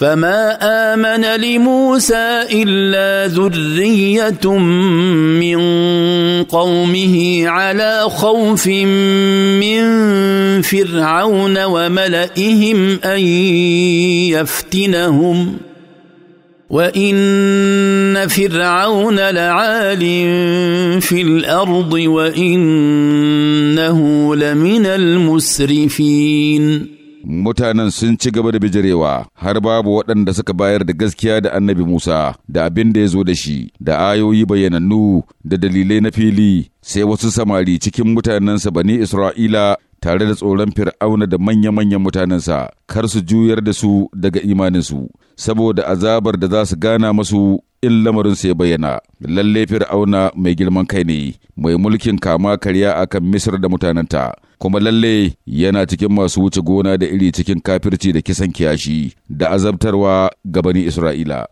فما امن لموسى الا ذريه من قومه على خوف من فرعون وملئهم ان يفتنهم وان فرعون لعال في الارض وانه لمن المسرفين mutanen sun ci gaba da bijirewa har babu waɗanda suka bayar da gaskiya da annabi Musa da abin da ya zo da shi da ayoyi bayyanannu da dalilai na fili sai wasu samari cikin mutanensa bani Isra'ila tare da tsoron fir'auna da manya-manyan mutanensa kar su juyar da su daga imaninsu saboda azabar da za su gana masu in lamarinsu ya bayyana lalle fir'auna mai girman kai ne mai mulkin kama karya akan misir da mutanenta kuma lalle yana cikin masu wuce gona da iri cikin kafirci da kisan kiyashi da azabtarwa ga isra'ila